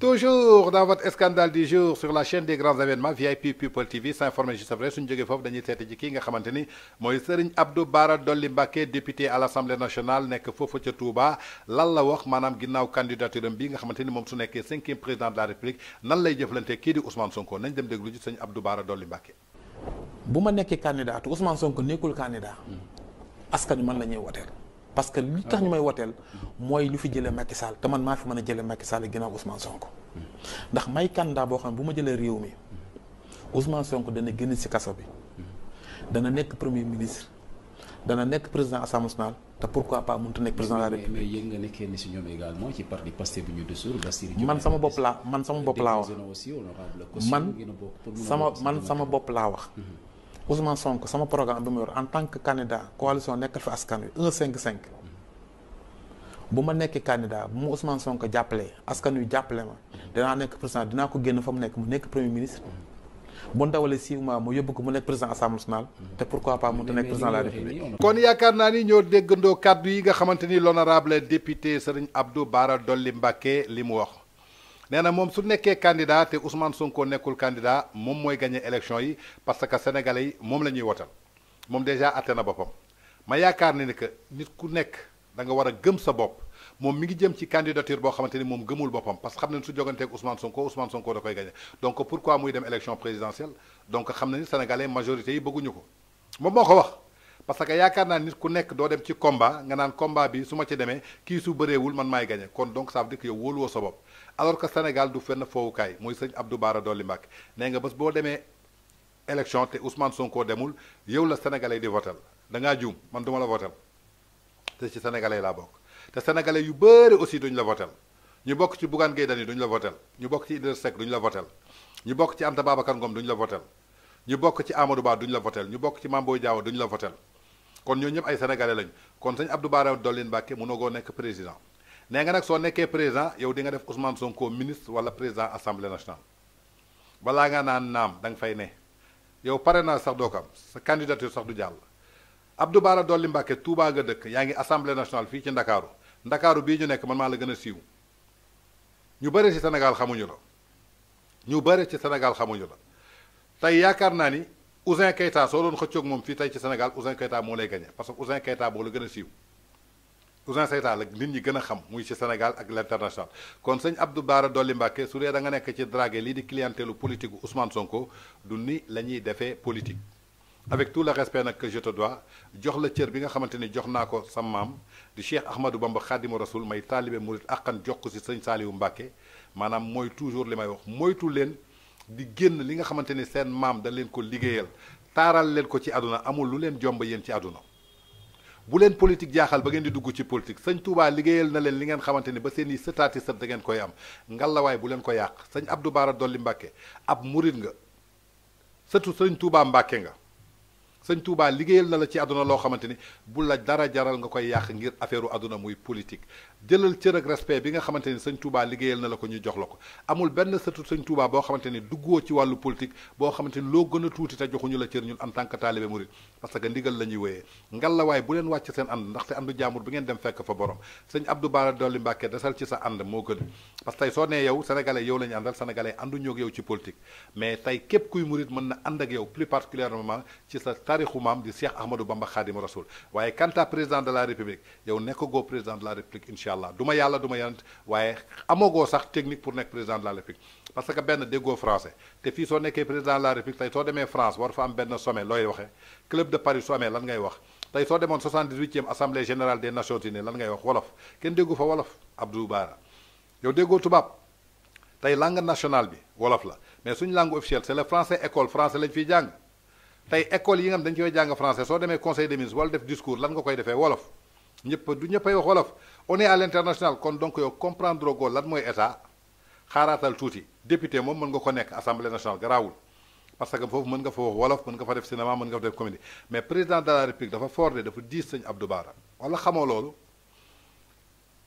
toujours dans votre scandale du jour sur la chaîne des grands événements VIP People TV s'informer juste après suñu jógee foofu dañuy seeti ji kii nga xamante ni mooy Serigne Abdou Bara Dolly Mbacké député à l'Assemblée nationale nekk foofu ca Touba lan la wax maanaam ginnaaw candidature am bi nga xamante ni moom su 5e président de la République nan lay jëflante kii di Ousmane Sonko nañ dem déglu ji Serigne Abdou Bara Dolly Mbacké bu ma nekkee candidat te Ousmane Sonko nekkul candidat askan wi man la ñuy woteel. parce que li tax ñu may woteel mooy lu fi jëlee Macky Sall te man maa fi mën a jëlee Macky Sall ginnaaw Ousmane Sonko. ndax may candidat boo xam ne bu ma jëlee réew mi Ousmane sonk dana génn ci kaso bi. dana nekk premier ministre dana nekk président assemblée nationale. ta pourquoi pas mënut a nekk président de la république. mais yeng nga ne kenn si ñoom également ci parti passé bu ñu desul. man sama bop la man sama bop la wax man sama man sama bop la wax. Mhm. Ousmane Sonko sama programme bu mu yor en tant que candidat coalition nek fi askan wi 155. buma nek candidat bu Ousmane Sonko jappelé askan wi jappelé ma mhm. dina nek président dina ko génn fam nek mu nek premier ministre. Mhm. bu ndawalee six mois mu yóbbu ko mu nekk président assemblée nationale te pourquoi pas mu nekk président de la république kon yaakaar naa ni ñoo déggandoo kàddu yi nga xamante ni l'honorable député Serigne Abdou Bara Dolly Mbacké li mu wax nee na moom su nekkee candidat te Ousmane Sonko nekkul candidat moom mooy gagné élection yi parce que sénégalais yi moom la ñuy wotal moom déjà atte na boppam ma yaakaar ne ni que nit ku nekk danga nga war a gëm sa bopp moom mi ngi jëm ci candidature bo xamanteni mom moom gëmul parce que xamna nañ su joganteeg Ousmane Sonko Ousmane Sonko da koy gagner donc pourquoi muy dem élection présidentielle donc xamna ni sénégalais majorité yi bëgguñu ko moom moo wax parce que yaakaar naa nit ku nekk doo dem ci combat nga naan combat bi su ma ci demee kii su bëreewul man maay gagné kon donc ça veut dire que yow wóoluwoo sa bopp alors que Sénégal du fenn foowukaay mooy sëñ Abdou Bara Dolly Mbacké nee nga bés boo demee élection te Ousmane Sonko demul yow la sénégalais di votel da ngaa juum man du la votel te ci sénégalais laa bokk te sénégalais yu bëri aussi duñ la votel ñu bokk ci Bougane Gueye Dany duñ la votel ñu bokk ci Idrissa Seck la votel ñu bokk ci Anta Babacar Ngom duñ la votel ñu bokk ci Amadou Ba duñ la votel ñu bokk ci Mame Boye Diao duñ la votel kon ñoo ñëpp ay sénégalais lañu kon sëñ Abdou Bara Dolly Mbacké mënoo koo nekk président nee nga nag soo nekkee président yow di nga def Ousmane Sonko ministre wala président assemblée nationale balaa nga naan naam da fay ne yow pare naa sax doo ko am sa candidature sax du jàll Abdou Bara Dolli Mbàkke Touba nga dëkk yaa ngi assemblée nationale fii ci ndakaaru ndakaaru bii ñu nekk man maa la gën a siiw ñu bëri ci senegal xamuñu la ñu bëri ci Sénégal xamuñu la tey yaakaar naa ni Ousin Keita soo doon xëccoog moom fii tey ci senegal Ousin Keita moo lay gagné parce que Ousin Keita boo la gën a siiw Ousin Keita la nit ñi gën a xam muy ci Sénégal ak l'international kon sëñ Abdou Bara Dolli Mbàkke su dee da nga nekk ci dragué lii di clientèle politique Ousmane Sonko du ni la ñuy defee politique avec tout le respect nag que je te jox la cër bi nga xamante ni jox naa ko sa maam di Cheikh Ahmadou Bamba Khadimu Rasul may taalibe murit akkan jox ko si sëñ Saaliwu Mbàkke maanaam mooy toujours li may wax moytu leen di génn li nga xamante ni seen maam da leen ko liggéeyal taaral leen ko ci àdduna amul lu leen jomba yéen ci àdduna bu leen politique jaaxal ba ngeen di dugg ci politique sañ Touba liggéeyal na leen li ngeen xamante ni ba seen i sëtaati sët ngeen koy am ngalawaay bu leen ko yàq sëñ Abdou Bara Dolli Mbàkke ab murit nga sëtu sëñ Touba Mbàkke nga sëñ Touba liggéeyal na la ci àdduna loo xamante ni bu la dara jaral nga koy yàq ngir affaire àdduna muy politique jëlal cër ak respect bi nga xamante ni sëñ Touba liggéeyal na la ko ñu jox la ko amul benn sëtu sëñ Touba boo xamante ni duggoo ci wàllu politique boo xamante ni loo gën a tuuti te joxuñu la cër ñun en tant que taalibe murid parce que ndigal la ñuy wéyee ngalawaay bu leen wàcc seen ànd ndaxte àndu jaamur bi ngeen dem fekk fa borom sëñ Abdou Bara Dolly nee yow sénégalais yow la ñu àndal sénégalais àndu ñoog yow mais tey képp kuy murid mën na ànd ak yow plus particulièrement taarixu maam di Cheikh Ahmadou Bamba Xaadimu Rasul waaye kanta président de la république yow nekkagoo président de la république incha allah du yàlla du ma waaye amagoo sax technique pour nekk président de la république parce que benn déggoo français te fii soo nekkee président de la république tey soo demee France war fa am benn sommet looy waxee club de Paris sommet lan ngay wax tey soo demoon 78e assemblée générale des nations bi wolof la mais suñu langue tay école yi nga xam dañ koy jàng français soo demee conseil des ministres wala def discours lan nga koy defee wolof ñëpp du ñëppay wax wolof on est à l'international kon donc yow comprendre ko lan mooy état xaaraatal tuuti député moom mën nga ko nekk assemblée nationale garaawul parce que foofu mën nga fa wax wolof mën nga fa def cinéma mën nga fa def comédie mais président de la république dafa forde dafa diis sëñ Abdou Bara wala xamoo loolu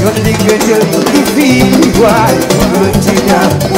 Yon di gwen yo yon ki viwa Mwen ti da